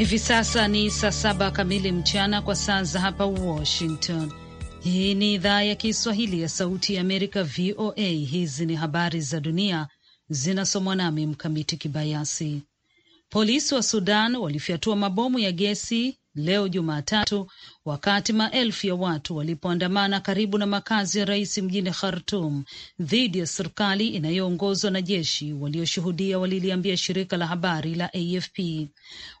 Hivi sasa ni saa saba kamili mchana kwa saa za hapa Washington. Hii ni idhaa ya Kiswahili ya Sauti ya Amerika, VOA. Hizi ni habari za dunia zinasomwa nami Mkamiti Kibayasi. Polisi wa Sudan walifyatua mabomu ya gesi leo Jumatatu wakati maelfu ya watu walipoandamana karibu na makazi ya rais mjini Khartum dhidi ya serikali inayoongozwa na jeshi. Walioshuhudia waliliambia shirika la habari la AFP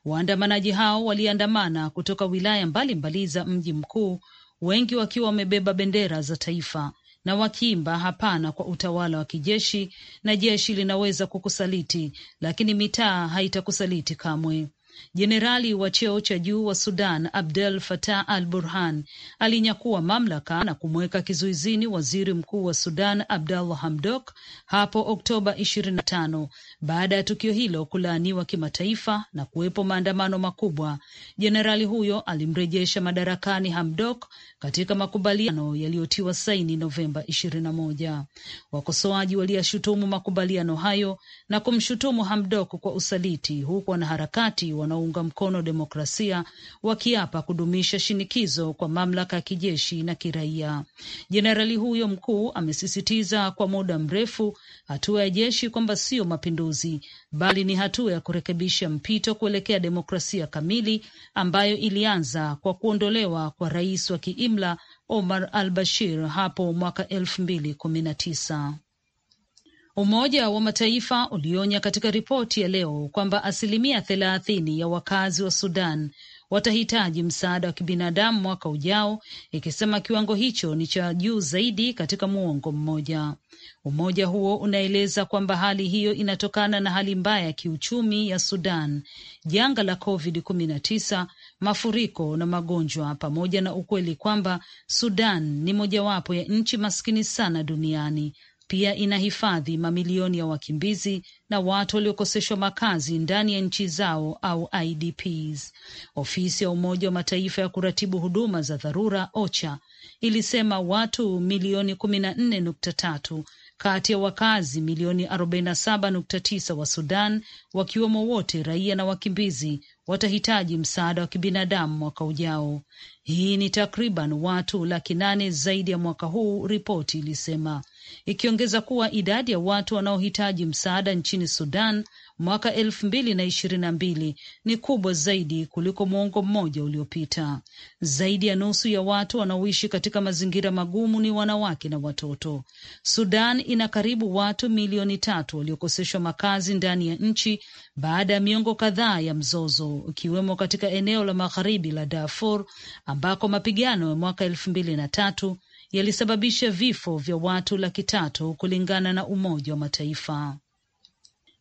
waandamanaji hao waliandamana kutoka wilaya mbalimbali za mji mkuu, wengi wakiwa wamebeba bendera za taifa na wakiimba hapana kwa utawala wa kijeshi, na jeshi linaweza kukusaliti, lakini mitaa haitakusaliti kamwe. Jenerali wa cheo cha juu wa Sudan Abdel Fattah al Burhan alinyakua mamlaka na kumweka kizuizini waziri mkuu wa Sudan Abdallah Hamdok hapo Oktoba 25 baada ya tukio hilo kulaaniwa kimataifa na kuwepo maandamano makubwa. Jenerali huyo alimrejesha madarakani Hamdok katika makubaliano yaliyotiwa saini Novemba 21. Wakosoaji waliyashutumu makubaliano hayo na kumshutumu Hamdok kwa usaliti, huku wanaharakati wanaounga mkono demokrasia wakiapa kudumisha shinikizo kwa mamlaka ya kijeshi na kiraia. Jenerali huyo mkuu amesisitiza kwa muda mrefu hatua ya jeshi kwamba sio mapinduzi, bali ni hatua ya kurekebisha mpito kuelekea demokrasia kamili ambayo ilianza kwa kuondolewa kwa rais wa kiimla Omar al-Bashir hapo mwaka elfu mbili kumi na tisa. Umoja wa Mataifa ulionya katika ripoti ya leo kwamba asilimia thelathini ya wakazi wa Sudan watahitaji msaada wa kibinadamu mwaka ujao, ikisema kiwango hicho ni cha juu zaidi katika muongo mmoja. Umoja huo unaeleza kwamba hali hiyo inatokana na hali mbaya ya kiuchumi ya Sudan, janga la COVID-19, mafuriko na magonjwa, pamoja na ukweli kwamba Sudan ni mojawapo ya nchi maskini sana duniani pia inahifadhi mamilioni ya wakimbizi na watu waliokoseshwa makazi ndani ya nchi zao au IDPs. Ofisi ya Umoja wa Mataifa ya kuratibu huduma za dharura OCHA ilisema watu milioni kumi na nne nukta tatu kati ya wakazi milioni 47.9 wa Sudan, wakiwemo wote raia na wakimbizi, watahitaji msaada wa kibinadamu mwaka ujao. Hii ni takriban watu laki nane zaidi ya mwaka huu, ripoti ilisema, ikiongeza kuwa idadi ya watu wanaohitaji msaada nchini Sudan mwaka elfu mbili na ishirini na mbili ni kubwa zaidi kuliko mwongo mmoja uliopita. Zaidi ya nusu ya watu wanaoishi katika mazingira magumu ni wanawake na watoto. Sudan ina karibu watu milioni tatu waliokoseshwa makazi ndani ya nchi baada ya miongo kadhaa ya mzozo, ikiwemo katika eneo la magharibi la Darfur ambako mapigano ya mwaka elfu mbili na tatu yalisababisha vifo vya watu laki tatu kulingana na Umoja wa Mataifa.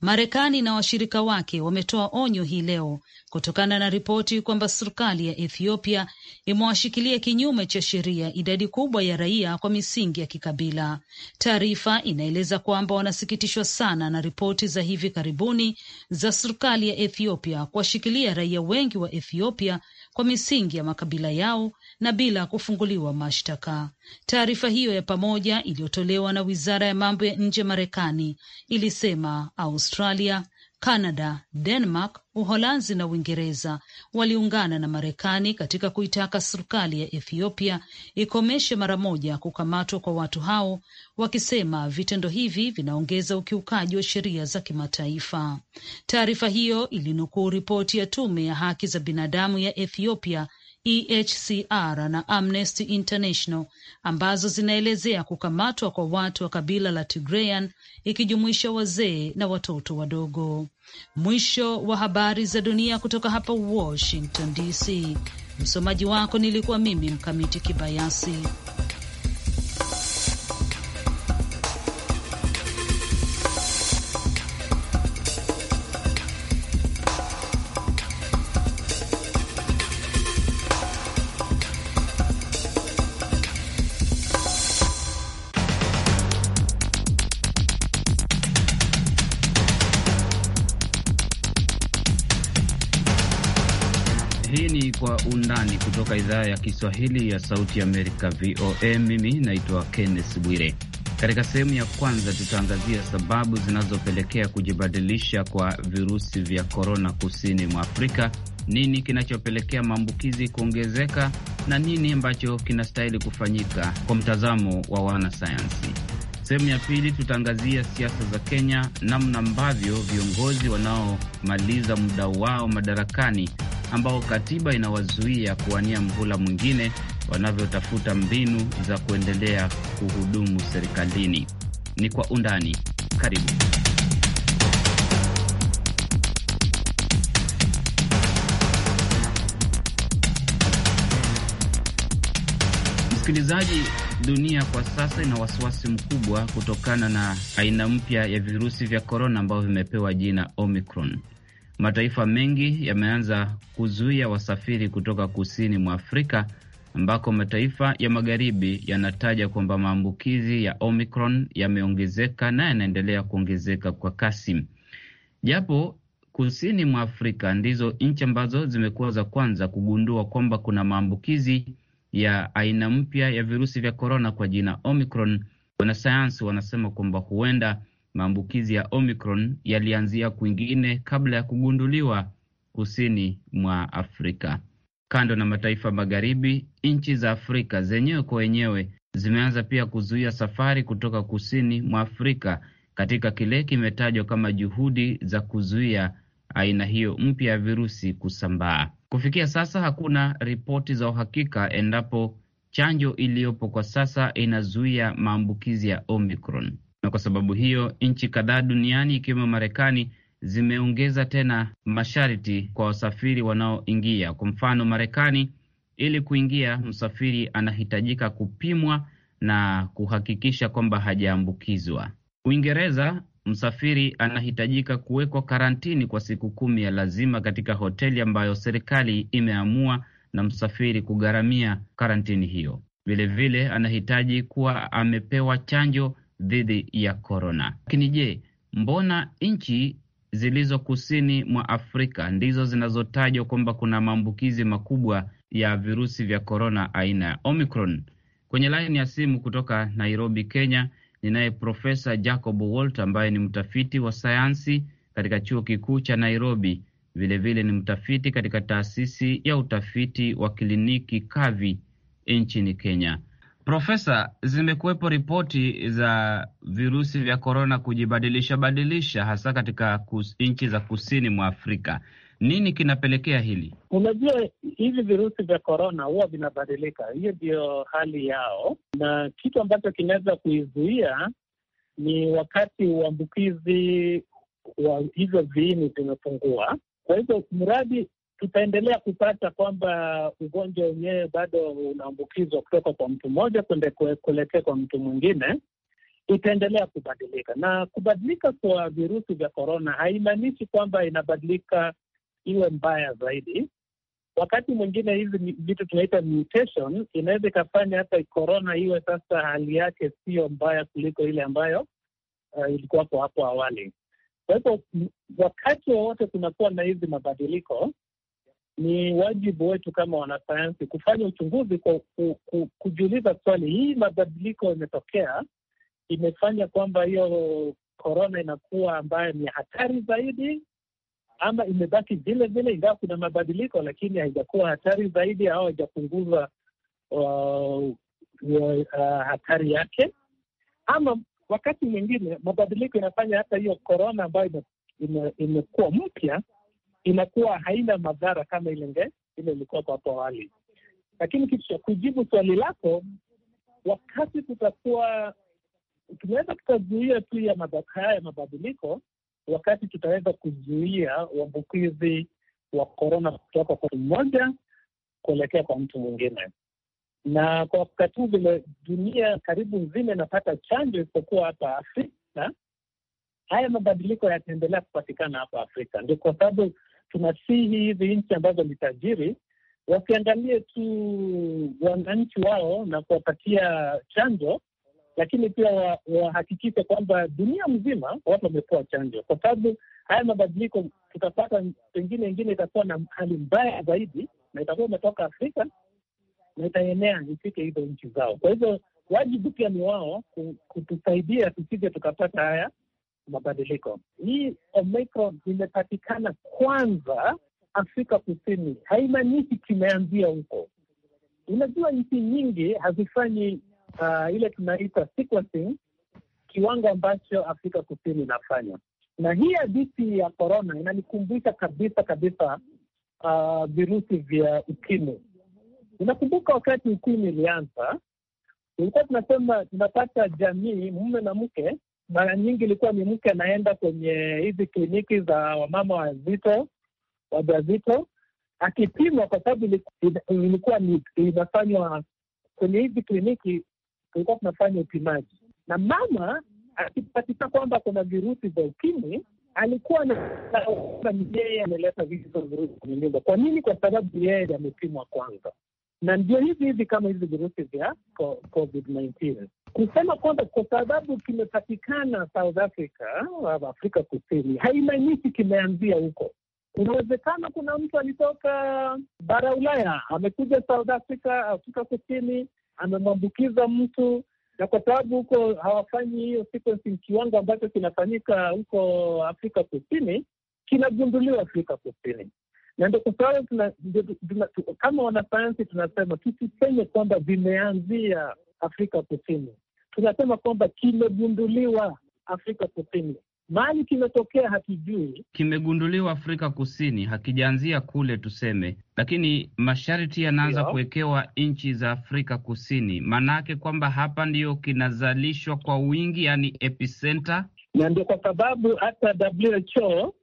Marekani na washirika wake wametoa onyo hii leo kutokana na ripoti kwamba serikali ya Ethiopia imewashikilia kinyume cha sheria idadi kubwa ya raia kwa misingi ya kikabila. Taarifa inaeleza kwamba wanasikitishwa sana na ripoti za hivi karibuni za serikali ya Ethiopia kuwashikilia raia wengi wa Ethiopia kwa misingi ya makabila yao na bila kufunguliwa mashtaka. Taarifa hiyo ya pamoja iliyotolewa na wizara ya mambo ya nje Marekani ilisema Australia Canada, Denmark, Uholanzi na Uingereza waliungana na Marekani katika kuitaka serikali ya Ethiopia ikomeshe mara moja kukamatwa kwa watu hao, wakisema vitendo hivi vinaongeza ukiukaji wa sheria za kimataifa. Taarifa hiyo ilinukuu ripoti ya tume ya haki za binadamu ya Ethiopia EHCR na Amnesty International ambazo zinaelezea kukamatwa kwa watu wa kabila la Tigrayan ikijumuisha wazee na watoto wadogo. Mwisho wa habari za dunia kutoka hapa Washington DC. Msomaji wako nilikuwa mimi Mkamiti Kibayasi. kutoka idhaa ya Kiswahili ya Sauti Amerika, VOA. Mimi naitwa Kennes Bwire. Katika sehemu ya kwanza tutaangazia sababu zinazopelekea kujibadilisha kwa virusi vya korona kusini mwa Afrika, nini kinachopelekea maambukizi kuongezeka na nini ambacho kinastahili kufanyika kwa mtazamo wa wanasayansi. Sehemu ya pili tutaangazia siasa za Kenya, namna ambavyo viongozi wanaomaliza muda wao madarakani ambao katiba inawazuia kuwania mhula mwingine wanavyotafuta mbinu za kuendelea kuhudumu serikalini. Ni kwa undani, karibu. Msikilizaji, dunia kwa sasa ina wasiwasi mkubwa kutokana na aina mpya ya virusi vya korona ambavyo vimepewa jina Omicron mataifa mengi yameanza kuzuia wasafiri kutoka kusini mwa Afrika ambako mataifa ya magharibi yanataja kwamba maambukizi ya Omicron yameongezeka na yanaendelea kuongezeka kwa kasi, japo kusini mwa Afrika ndizo nchi ambazo zimekuwa za kwanza kugundua kwamba kuna maambukizi ya aina mpya ya virusi vya korona kwa jina Omicron. Wanasayansi wanasema kwamba huenda maambukizi ya Omicron yalianzia kwingine kabla ya kugunduliwa kusini mwa Afrika. Kando na mataifa magharibi, nchi za Afrika zenyewe kwa wenyewe zimeanza pia kuzuia safari kutoka kusini mwa Afrika katika kile kimetajwa kama juhudi za kuzuia aina hiyo mpya ya virusi kusambaa. Kufikia sasa hakuna ripoti za uhakika endapo chanjo iliyopo kwa sasa inazuia maambukizi ya Omicron na kwa sababu hiyo nchi kadhaa duniani ikiwemo Marekani zimeongeza tena masharti kwa wasafiri wanaoingia. Kwa mfano, Marekani, ili kuingia, msafiri anahitajika kupimwa na kuhakikisha kwamba hajaambukizwa. Uingereza, msafiri anahitajika kuwekwa karantini kwa siku kumi ya lazima katika hoteli ambayo serikali imeamua na msafiri kugharamia karantini hiyo. Vilevile anahitaji kuwa amepewa chanjo dhidi ya korona. Lakini je, mbona nchi zilizo kusini mwa Afrika ndizo zinazotajwa kwamba kuna maambukizi makubwa ya virusi vya korona aina ya Omicron? Kwenye laini ya simu kutoka Nairobi, Kenya, ninaye Profesa Jacob Walt ambaye ni mtafiti wa sayansi katika chuo kikuu cha Nairobi. Vilevile vile ni mtafiti katika taasisi ya utafiti wa kliniki Kavi nchini Kenya. Profesa, zimekuwepo ripoti za virusi vya korona kujibadilisha badilisha hasa katika kus, nchi za kusini mwa Afrika. Nini kinapelekea hili? Unajua, hivi virusi vya korona huwa vinabadilika, hiyo ndio hali yao, na kitu ambacho kinaweza kuizuia ni wakati uambukizi wa hivyo viini vimepungua. Kwa hivyo mradi tutaendelea kupata kwamba ugonjwa wenyewe bado unaambukizwa kutoka kwa mtu mmoja kwende kuelekea kwa mtu mwingine, itaendelea kubadilika. Na kubadilika kwa virusi vya korona haimaanishi kwamba inabadilika iwe mbaya zaidi. Wakati mwingine hizi vitu tunaita mutation inaweza ikafanya hata korona iwe sasa hali yake siyo mbaya kuliko ile ambayo uh, ilikuwako hapo awali. Kwa hivyo wakati wowote kunakuwa na hizi mabadiliko, ni wajibu wetu kama wanasayansi kufanya uchunguzi kwa ku, ku, kujiuliza swali hii mabadiliko imetokea imefanya kwamba hiyo korona inakuwa ambayo ni hatari zaidi, ama imebaki vile vile, ingawa kuna mabadiliko, lakini haijakuwa hatari zaidi au haijapunguza uh, uh, hatari yake. Ama wakati mwingine mabadiliko inafanya hata hiyo korona ambayo imekuwa mpya inakuwa haina madhara kama ile nge ile ilikuwa kwa hapo awali. Lakini kitu cha kujibu swali lako, wakati tutakuwa tunaweza tukazuia tu ya haya mabadiliko, wakati tutaweza kuzuia uambukizi wa korona kutoka kwa mtu mmoja kuelekea kwa mtu mwingine. Na kwa wakati huu vile dunia karibu nzima inapata chanjo isipokuwa hapa Afrika, haya mabadiliko yataendelea kupatikana hapa Afrika. Ndio kwa sababu tunasihi hizi nchi ambazo ni tajiri wasiangalie tu wananchi wao na kuwapatia chanjo, lakini pia wahakikishe wa kwamba dunia mzima watu wamepewa chanjo, kwa sababu haya mabadiliko tutapata, pengine ingine itakuwa na hali mbaya zaidi, na itakuwa imetoka Afrika na itaenea ifike hizo nchi zao. Kwa hivyo wajibu pia ni wao kutusaidia tusije tukapata haya mabadiliko. Hii Omicron imepatikana kwanza Afrika Kusini, haimaanishi kimeanzia huko. Unajua, nchi nyingi hazifanyi uh, ile tunaita sequencing kiwango ambacho Afrika Kusini inafanya, na hii hadithi ya korona inanikumbusha kabisa kabisa uh, virusi vya ukimwi. Unakumbuka wakati ukimwi ilianza, tulikuwa tunasema tunapata jamii mume na mke mara nyingi ilikuwa ni mke anaenda kwenye hizi kliniki za wamama wazito wajawazito, akipimwa kwa sababu ilikuwa inafanywa kwenye hizi kliniki, kulikuwa kunafanya upimaji, na mama akipatika kwamba kuna virusi vya ukimwi alikuwa ni yeye ameleta virusi kwenye nyumba. Kwa nini? Kwa sababu yeye amepimwa kwanza, na ndio hivi hivi kama hizi virusi vya COVID-19 kusema kwamba kwa sababu kimepatikana South Africa, Afrika Kusini, haimaanishi kimeanzia huko. Inawezekana kuna mtu alitoka bara Ulaya amekuja South Africa, Afrika Kusini, amemwambukiza mtu, na kwa sababu huko hawafanyi hiyo sequencing, kiwango ambacho kinafanyika huko Afrika Kusini kinagunduliwa Afrika Kusini na ndo kwa sababu kama wanasayansi tunasema tusiseme kwamba vimeanzia Afrika Kusini, tunasema kwamba kimegunduliwa Afrika Kusini. mali kimetokea hakijui, kimegunduliwa Afrika Kusini, hakijaanzia kule tuseme, lakini masharti yanaanza kuwekewa nchi za Afrika Kusini, maanake kwamba hapa ndiyo kinazalishwa kwa wingi, yani epicenter, na ndio kwa sababu hata WHO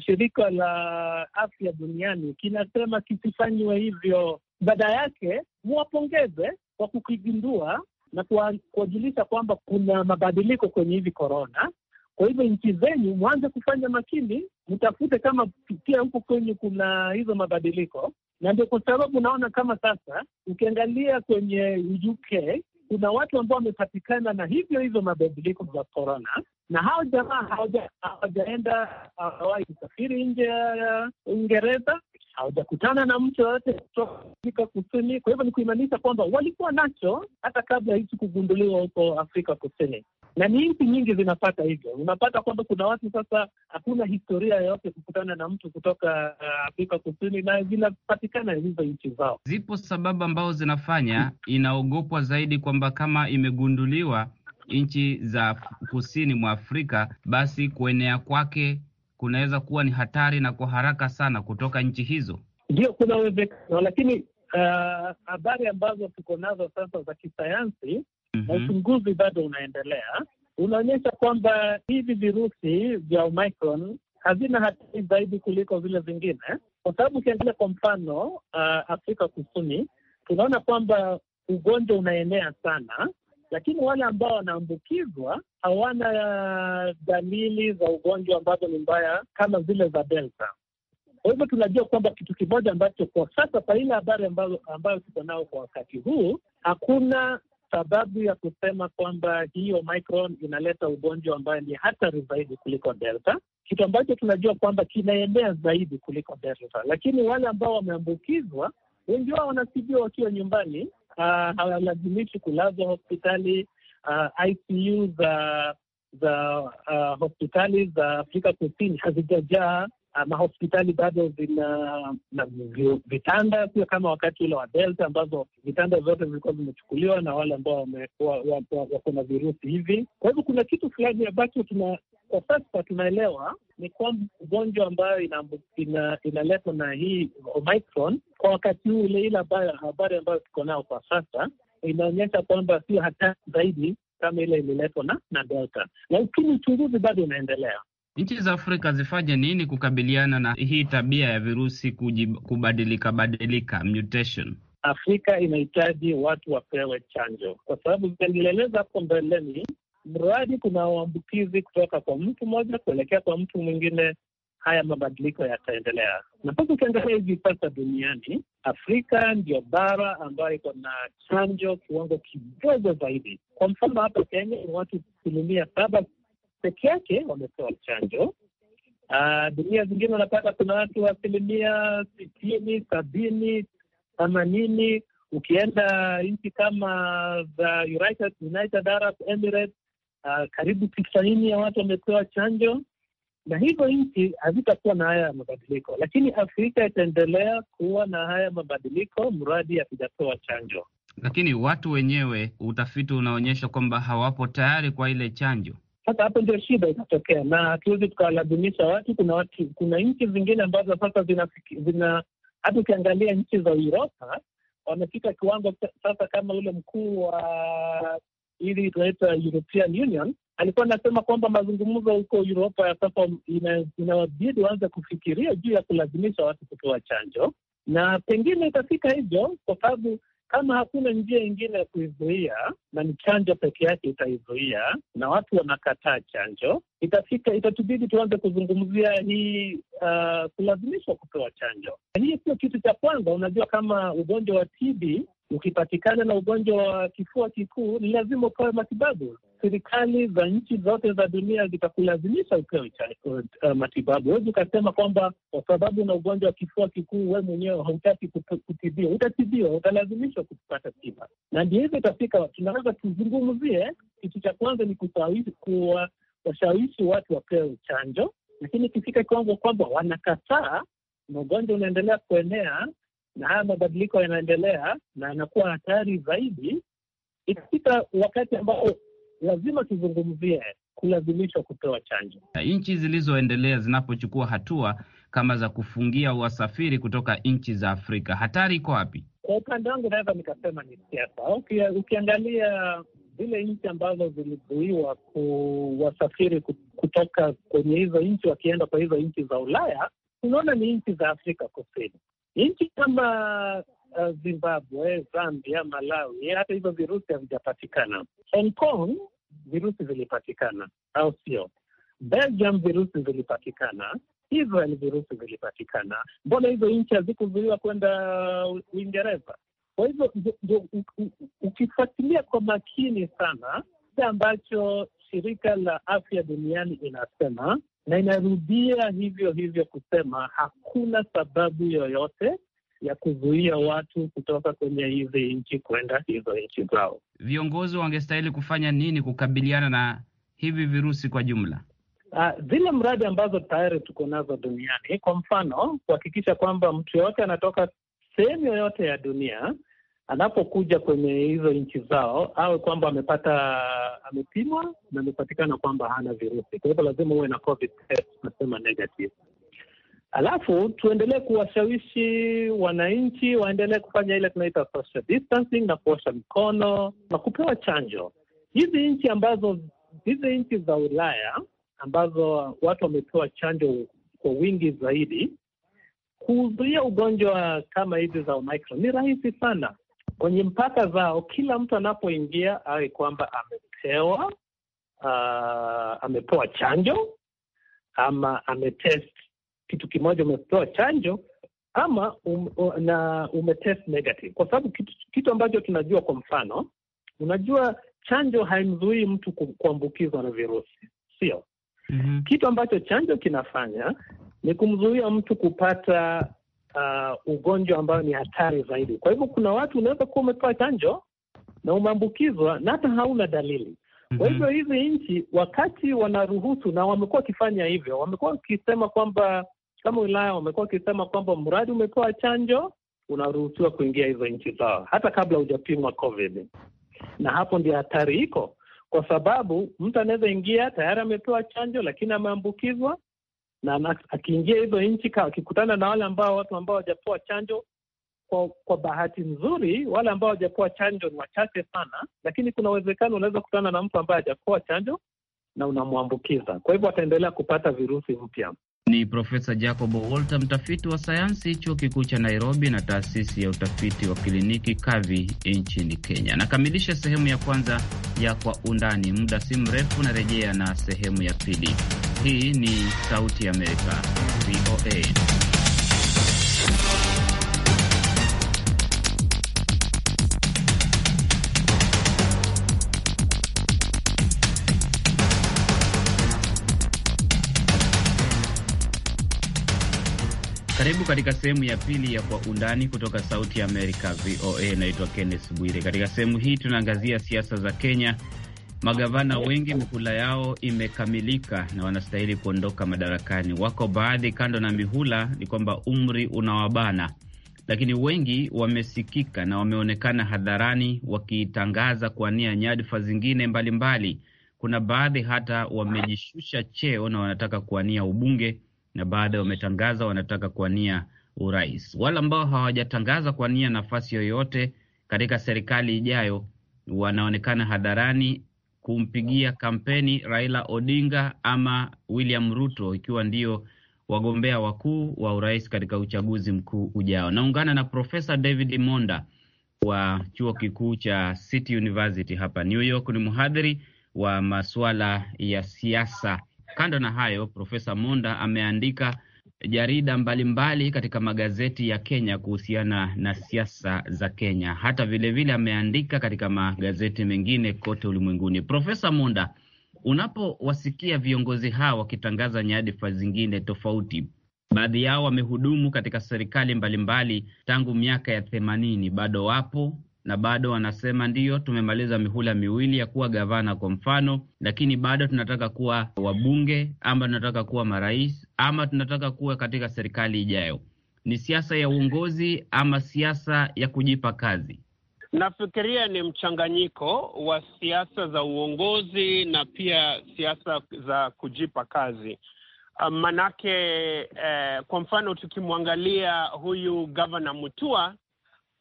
shirika la afya duniani kinasema kisifanyiwe hivyo. Baada yake muwapongeze kwa kukigundua na kuwajulisha kwamba kuna mabadiliko kwenye hivi korona. Kwa hivyo nchi zenyu mwanze kufanya makini, mtafute kama pia huko kwenyu kuna hizo mabadiliko, na ndio kwa sababu unaona kama sasa ukiangalia kwenye UK kuna watu ambao wamepatikana na hivyo hivyo mabadiliko za korona, na hao jamaa hawajaenda, hawajawahi kusafiri nje ya Uingereza hawajakutana na mtu yoyote kutoka Afrika Kusini. Kwa hivyo ni kuimanisha kwamba walikuwa nacho hata kabla hichi kugunduliwa huko Afrika Kusini, na ni nchi nyingi zinapata hivyo. Unapata kwamba kuna watu sasa, hakuna historia yoyote kukutana na mtu kutoka uh, Afrika Kusini, na zinapatikana hizo nchi zao. Zipo sababu ambazo zinafanya inaogopwa zaidi kwamba kama imegunduliwa nchi za kusini mwa Afrika, basi kuenea kwake kunaweza kuwa ni hatari na kwa haraka sana kutoka nchi hizo? Ndio, kuna uwezekano, lakini uh, habari ambazo tuko nazo sasa za kisayansi mm -hmm. na uchunguzi bado unaendelea, unaonyesha kwamba hivi virusi vya Omicron hazina hatari zaidi kuliko vile vingine, kwa sababu ukiangalia kwa mfano uh, Afrika Kusini tunaona kwamba ugonjwa unaenea sana lakini wale ambao wanaambukizwa hawana uh, dalili za ugonjwa ambazo ni mbaya kama zile za Delta. Kwa hivyo tunajua kwamba kitu kimoja ambacho kwa sasa, kwa ile habari ambayo, ambayo tuko nao kwa wakati huu, hakuna sababu ya kusema kwamba hiyo Omicron inaleta ugonjwa ambayo ni hatari zaidi kuliko Delta, kitu ambacho tunajua kwamba kinaenea zaidi kuliko Delta. Lakini wale ambao wameambukizwa, wengi wao wanasibia wakiwa nyumbani uh, hawalazimishi kulazwa hospitali uh, ah, ICU za za uh, hospitali za Afrika Kusini hazijajaa. Uh, mahospitali bado zina vitanda, sio kama wakati ule wa Delta ambazo vitanda vyote vilikuwa vimechukuliwa na wale ambao wako na virusi hivi. Kwa hivyo kuna kitu fulani ambacho kwa sasa tunaelewa ni kwamba ugonjwa ambayo inaletwa ina, ina na hii Omicron kwa wakati huu, ile ile habari ambayo tuko nao kwa sasa inaonyesha kwamba sio hatari zaidi kama ile ililetwa na, na Delta, lakini uchunguzi bado unaendelea. Nchi za Afrika zifanye nini kukabiliana na hii tabia ya virusi kubadilikabadilika kubadilika badilika mutation? Afrika inahitaji watu wapewe chanjo, kwa sababu nilieleza hapo mbeleni mradi kuna uambukizi kutoka kwa mtu mmoja kuelekea kwa mtu mwingine, haya mabadiliko yataendelea. Na sasa ukiangalia hivi sasa duniani, Afrika ndio bara ambayo iko na chanjo kiwango kidogo zaidi. Kwa mfano hapa Kenya ni watu asilimia saba peke yake wamepewa chanjo. Uh, dunia zingine unapata kuna watu asilimia sitini, sabini, themanini. Ukienda nchi kama the United, United Arab Emirates uh, karibu tisaini ya watu wamepewa chanjo, na hivyo nchi hazitakuwa na haya ya mabadiliko, lakini Afrika itaendelea kuwa na haya mabadiliko mradi hatujapewa chanjo. Lakini watu wenyewe, utafiti unaonyesha kwamba hawapo tayari kwa ile chanjo. Sasa hapo ndio shida itatokea, na hatuwezi tukawalazimisha watu. Kuna watu, kuna nchi zingine ambazo sasa zina, zina hata ukiangalia nchi za Uropa wamefika kiwango sasa, kama yule mkuu wa hili tunaita European Union, alikuwa anasema kwamba mazungumzo huko Uropa ya sasa inawabidi waanze kufikiria juu ya kulazimisha watu kupewa chanjo, na pengine itafika hivyo, kwa sababu kama hakuna njia ingine ya kuizuia na ni chanjo peke yake itaizuia, na watu wanakataa chanjo, itafika itatubidi tuanze kuzungumzia hii uh, kulazimishwa kupewa chanjo. Hii sio kitu cha kwanza. Unajua, kama ugonjwa wa TB Ukipatikana na ugonjwa wa kifua kikuu, ni lazima upewe matibabu. Serikali za nchi zote za dunia zitakulazimisha upewe uh, matibabu. Huwezi ukasema kwamba kwa sababu na ugonjwa wa kifua kikuu wee mwenyewe hautaki kutibiwa. Utatibiwa, utalazimishwa kupata tiba, na ndio hivyo itafika. Tunaweza tuzungumzie, kitu cha kwanza ni kuwashawishi watu wapewe chanjo, lakini ikifika kiwango kwamba wanakataa na ugonjwa unaendelea kuenea na haya mabadiliko yanaendelea na yanakuwa hatari zaidi, ikifika wakati ambao lazima tuzungumzie kulazimishwa kupewa chanjo. Nchi zilizoendelea zinapochukua hatua kama za kufungia wasafiri kutoka nchi za Afrika, hatari iko wapi? Kwa upande wangu naweza nikasema ni siasa. Uki, ukiangalia zile nchi ambazo zilizuiwa kuwasafiri kutoka kwenye hizo nchi wakienda kwa hizo nchi za Ulaya, unaona ni nchi za Afrika Kusini. Nchi kama uh, Zimbabwe, Zambia, Malawi, hata hivyo virusi havijapatikana. Hong Kong virusi vilipatikana, au sio? Belgium virusi vilipatikana, Israel virusi vilipatikana. Mbona hizo nchi hazikuzuiwa kwenda uh, Uingereza? Kwa hivyo ukifuatilia kwa makini sana kile ambacho shirika la afya duniani inasema na inarudia hivyo hivyo kusema hakuna sababu yoyote ya kuzuia watu kutoka kwenye hizi nchi kwenda hizo nchi zao. Viongozi wangestahili kufanya nini kukabiliana na hivi virusi kwa jumla? Ah, zile uh, mradi ambazo tayari tuko nazo duniani, kwa mfano kuhakikisha kwamba mtu yoyote anatoka sehemu yoyote ya dunia anapokuja kwenye hizo nchi zao awe kwamba amepata amepimwa na amepatikana kwamba hana virusi. Kwa hivyo lazima huwe na covid test, negative. Alafu tuendelee kuwashawishi wananchi waendelee kufanya ile tunaita social distancing na kuosha mikono na kupewa chanjo. Hizi nchi ambazo hizi nchi za Ulaya ambazo watu wamepewa chanjo kwa wingi zaidi, kuzuia ugonjwa kama hizi za Omicron ni rahisi sana kwenye mpaka zao, kila mtu anapoingia awe kwamba amepewa uh, amepewa chanjo ama ametest kitu kimoja, umepewa chanjo ama um, na umetest negative, kwa sababu kitu, kitu ambacho tunajua, kwa mfano, unajua chanjo haimzuii mtu kuambukizwa na virusi, sio? mm -hmm. Kitu ambacho chanjo kinafanya ni kumzuia mtu kupata uh, ugonjwa ambayo ni hatari zaidi. Kwa hivyo kuna watu unaweza kuwa umepewa chanjo na umeambukizwa na hata hauna dalili. Kwa hivyo mhm. hizi nchi wakati wanaruhusu, na wamekuwa wakifanya hivyo, wamekuwa wakisema kwamba kama Ulaya wamekuwa wakisema kwamba mradi umepewa chanjo unaruhusiwa kuingia hizo nchi zao, hata kabla hujapimwa COVID. Na hapo ndio hatari iko, kwa sababu mtu anaweza ingia tayari amepewa chanjo, lakini ameambukizwa, na akiingia hizo nchi akikutana na wale ambao watu ambao wajapoa chanjo kwa, kwa bahati nzuri wale ambao hawajapewa chanjo ni wachache sana, lakini kuna uwezekano unaweza kukutana na mtu ambaye hajapewa chanjo na unamwambukiza. Kwa hivyo ataendelea kupata virusi mpya. Ni Profesa Jacob Walter, mtafiti wa sayansi chuo kikuu cha Nairobi na taasisi ya utafiti wa kliniki Kavi nchini Kenya. Nakamilisha sehemu ya kwanza ya Kwa Undani. Muda si mrefu narejea na sehemu ya pili. Hii ni Sauti Amerika, VOA. Karibu katika sehemu ya pili ya Kwa Undani kutoka Sauti ya Amerika, VOA. Inaitwa kennes Bwire. Katika sehemu hii tunaangazia siasa za Kenya Magavana wengi mihula yao imekamilika na wanastahili kuondoka madarakani. Wako baadhi kando na mihula ni kwamba umri unawabana, lakini wengi wamesikika na wameonekana hadharani wakitangaza kuania nyadhifa zingine mbalimbali mbali. Kuna baadhi hata wamejishusha cheo na wanataka kuania ubunge na baadhi wametangaza wanataka kuania urais. Wale ambao hawajatangaza kuania nafasi yoyote katika serikali ijayo wanaonekana hadharani kumpigia kampeni Raila Odinga ama William Ruto ikiwa ndio wagombea wakuu wa urais katika uchaguzi mkuu ujao. Naungana na Profesa David Monda wa chuo kikuu cha City University hapa New York. Ni mhadhiri wa masuala ya siasa. Kando na hayo, Profesa Monda ameandika jarida mbalimbali mbali katika magazeti ya Kenya kuhusiana na siasa za Kenya. Hata vilevile ameandika katika magazeti mengine kote ulimwenguni. Profesa Monda, unapowasikia viongozi hawa wakitangaza nyadhifa zingine tofauti, baadhi yao wamehudumu katika serikali mbalimbali mbali tangu miaka ya themanini, bado wapo na bado wanasema ndiyo, tumemaliza mihula miwili ya kuwa gavana kwa mfano, lakini bado tunataka kuwa wabunge ama tunataka kuwa marais ama tunataka kuwa katika serikali ijayo. Ni siasa ya uongozi ama siasa ya kujipa kazi? Nafikiria ni mchanganyiko wa siasa za uongozi na pia siasa za kujipa kazi. Ah, manake eh, kwa mfano tukimwangalia huyu gavana Mutua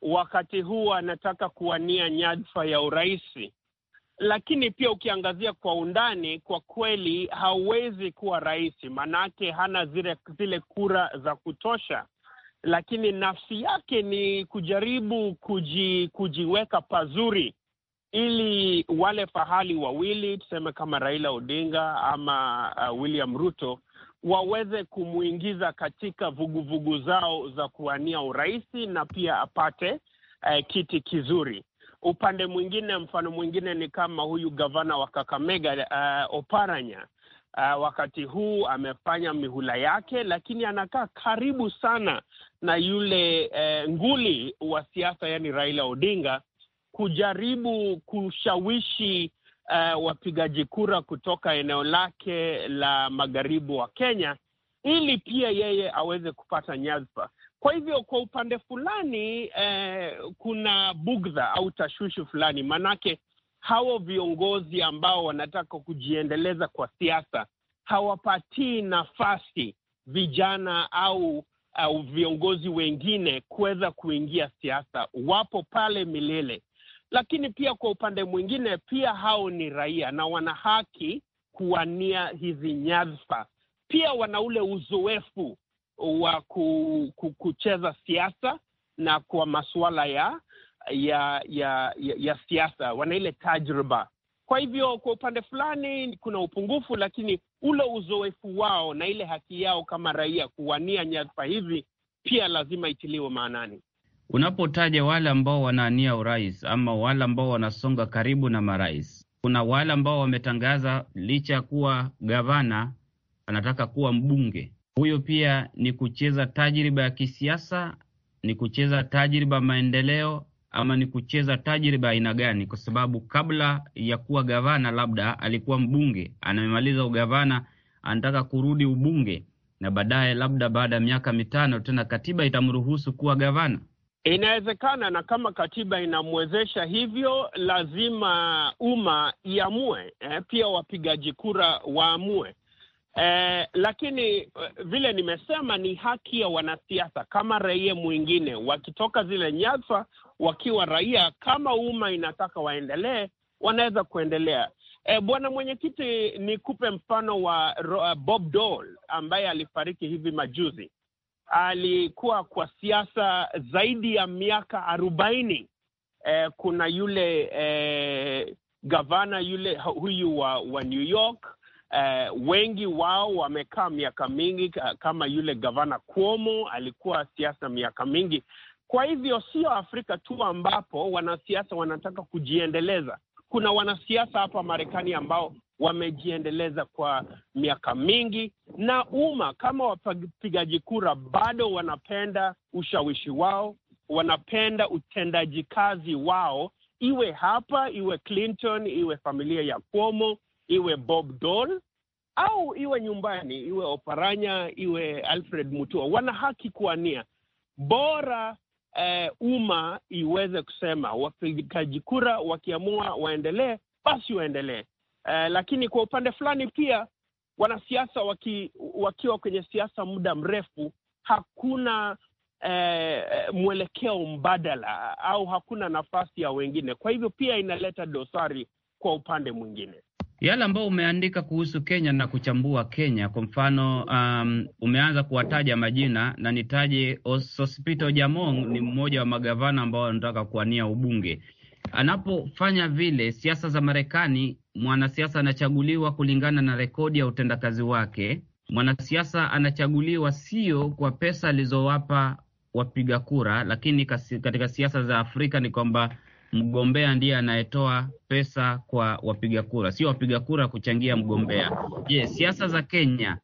wakati huu anataka kuwania nyadhifa ya urais, lakini pia ukiangazia kwa undani, kwa kweli hawezi kuwa rais, maanake hana zile, zile kura za kutosha lakini nafsi yake ni kujaribu kuji, kujiweka pazuri ili wale fahali wawili tuseme kama Raila Odinga ama uh, William Ruto waweze kumwingiza katika vuguvugu vugu zao za kuwania urahisi na pia apate eh, kiti kizuri. Upande mwingine, mfano mwingine ni kama huyu gavana wa Kakamega uh, Oparanya uh, wakati huu amefanya mihula yake, lakini anakaa karibu sana na yule eh, nguli wa siasa, yaani Raila Odinga, kujaribu kushawishi uh, wapigaji kura kutoka eneo lake la magharibu wa Kenya ili pia yeye aweze kupata nyadhifa. Kwa hivyo kwa upande fulani eh, kuna bugdha au tashwishi fulani, maanake hawa viongozi ambao wanataka kujiendeleza kwa siasa hawapatii nafasi vijana au, au viongozi wengine kuweza kuingia siasa. Wapo pale milele lakini pia kwa upande mwingine pia hao ni raia na wana haki kuwania hizi nyadhifa. Pia wana ule uzoefu wa ku, ku, kucheza siasa na kwa masuala ya ya ya, ya, ya siasa, wana ile tajriba. Kwa hivyo kwa upande fulani kuna upungufu, lakini ule uzoefu wao na ile haki yao kama raia kuwania nyadhifa hivi pia lazima itiliwe maanani unapotaja wale ambao wanaania urais ama wale ambao wanasonga karibu na marais, kuna wale ambao wametangaza licha ya kuwa gavana anataka kuwa mbunge. Huyo pia ni kucheza tajriba ya kisiasa, ni kucheza tajriba maendeleo ama ni kucheza tajriba aina gani? Kwa sababu kabla ya kuwa gavana, labda alikuwa mbunge, anamemaliza ugavana, anataka kurudi ubunge, na baadaye, labda baada ya miaka mitano tena, katiba itamruhusu kuwa gavana. Inawezekana, na kama katiba inamwezesha hivyo, lazima umma iamue, eh, pia wapigaji kura waamue. Eh, lakini eh, vile nimesema ni haki ya wanasiasa kama raia mwingine, wakitoka zile nyadhifa wakiwa raia, kama umma inataka waendelee, wanaweza kuendelea. Eh, bwana mwenyekiti, nikupe mfano wa eh, Bob Dole ambaye alifariki hivi majuzi alikuwa kwa siasa zaidi ya miaka arobaini. Eh, kuna yule eh, gavana yule huyu wa, wa New York eh, wengi wao wamekaa miaka mingi, kama yule gavana Cuomo alikuwa siasa miaka mingi. Kwa hivyo sio Afrika tu ambapo wanasiasa wanataka kujiendeleza. Kuna wanasiasa hapa Marekani ambao wamejiendeleza kwa miaka mingi, na umma kama wapigaji kura bado wanapenda ushawishi wao, wanapenda utendaji kazi wao, iwe hapa, iwe Clinton, iwe familia ya Cuomo, iwe Bob Dole au iwe nyumbani, iwe Oparanya, iwe Alfred Mutua, wana haki kuania bora eh, umma iweze kusema wapigaji kura wakiamua waendelee, basi waendelee eh, lakini kwa upande fulani pia wanasiasa waki, wakiwa kwenye siasa muda mrefu hakuna eh, mwelekeo mbadala au hakuna nafasi ya wengine, kwa hivyo pia inaleta dosari kwa upande mwingine yale ambayo umeandika kuhusu Kenya na kuchambua Kenya kwa mfano, um, umeanza kuwataja majina na nitaje Sospeter Ojaamong, ni mmoja wa magavana ambao wanataka kuwania ubunge. Anapofanya vile, siasa za Marekani, mwanasiasa anachaguliwa kulingana na rekodi ya utendakazi wake. Mwanasiasa anachaguliwa sio kwa pesa alizowapa wapiga kura, lakini katika siasa za Afrika ni kwamba mgombea ndiye anayetoa pesa kwa wapiga kura, sio wapiga kura kuchangia mgombea. Je, yes, siasa za Kenya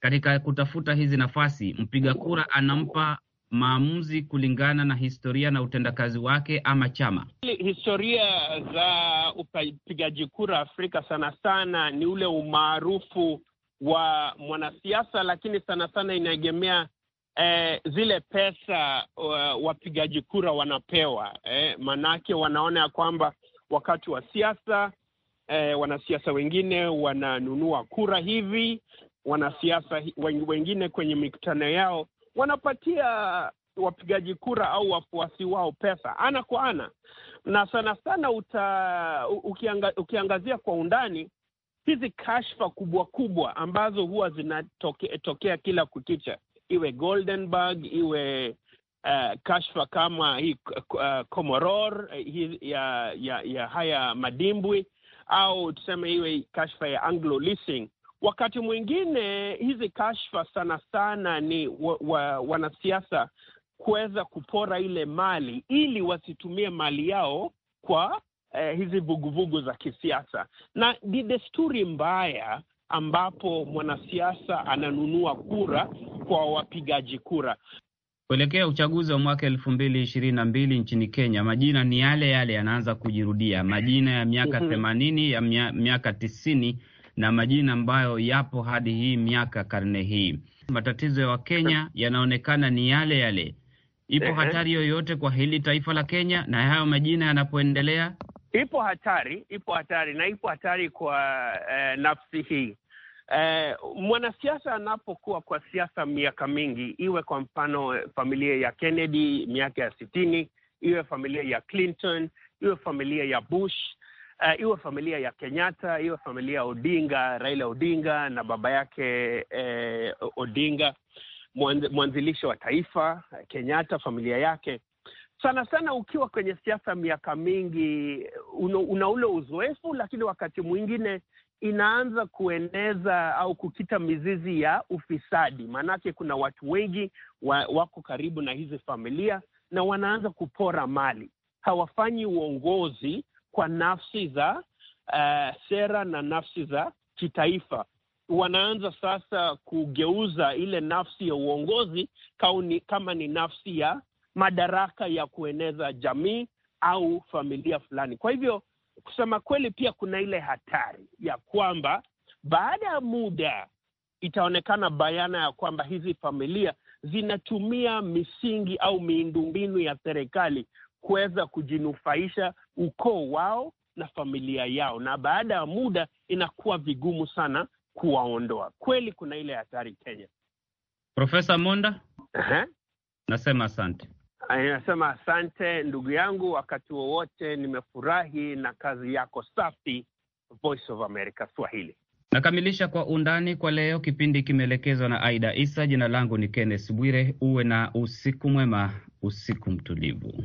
katika kutafuta hizi nafasi, mpiga kura anampa maamuzi kulingana na historia na utendakazi wake ama chama. Historia za upigaji kura Afrika sana sana ni ule umaarufu wa mwanasiasa, lakini sana sana inaegemea eh, zile pesa uh, wapigaji kura wanapewa eh, maanake wanaona ya kwamba wakati wa siasa eh, wanasiasa wengine wananunua kura hivi, wanasiasa wengine kwenye mikutano yao wanapatia wapigaji kura au wafuasi wao pesa ana kwa ana, na sana sana uta, ukianga, ukiangazia kwa undani hizi kashfa kubwa kubwa ambazo huwa zinatokea kila kukicha, iwe Goldenberg, iwe uh, kashfa kama hii uh, Komoror eh, hii, ya, ya, ya haya madimbwi au tuseme iwe kashfa ya Anglo Leasing Wakati mwingine hizi kashfa sana sana ni wa, wa, wanasiasa kuweza kupora ile mali ili wasitumie mali yao kwa eh, hizi vuguvugu za kisiasa, na ni desturi mbaya ambapo mwanasiasa ananunua kura kwa wapigaji kura. Kuelekea uchaguzi wa mwaka elfu mbili ishirini na mbili nchini Kenya, majina ni yale yale yanaanza kujirudia, majina ya miaka mhm. themanini mm -hmm. ya miaka tisini na majina ambayo yapo hadi hii miaka karne hii. Matatizo ya Wakenya yanaonekana ni yale yale. Ipo hatari yoyote kwa hili taifa la Kenya na hayo majina yanapoendelea? Ipo hatari, ipo hatari na ipo hatari kwa eh, nafsi hii eh, mwanasiasa anapokuwa kwa siasa miaka mingi, iwe kwa mfano eh, familia ya Kennedy miaka ya sitini, iwe familia ya Clinton, iwe familia ya Bush uh, iwe familia ya Kenyatta, iwe familia ya Odinga, Raila Odinga na baba yake eh, Odinga, mwanzilishi wa taifa Kenyatta, familia yake sana sana ukiwa kwenye siasa miaka mingi una, una ule uzoefu, lakini wakati mwingine inaanza kueneza au kukita mizizi ya ufisadi. Maanake kuna watu wengi wa, wako karibu na hizi familia na wanaanza kupora mali, hawafanyi uongozi kwa nafsi za uh, sera na nafsi za kitaifa. Wanaanza sasa kugeuza ile nafsi ya uongozi kauni, kama ni nafsi ya madaraka ya kueneza jamii au familia fulani. Kwa hivyo kusema kweli, pia kuna ile hatari ya kwamba baada ya muda itaonekana bayana ya kwamba hizi familia zinatumia misingi au miundombinu ya serikali kuweza kujinufaisha ukoo wao na familia yao, na baada ya muda inakuwa vigumu sana kuwaondoa. Kweli kuna ile hatari Kenya. Profesa Monda. -huh. Nasema asante. Nasema asante ndugu yangu, wakati wowote. Nimefurahi na kazi yako safi, Voice of America Swahili. Nakamilisha kwa undani kwa leo. Kipindi kimeelekezwa na Aida Isa. Jina langu ni Kenneth Bwire. Uwe na usiku mwema, usiku mtulivu.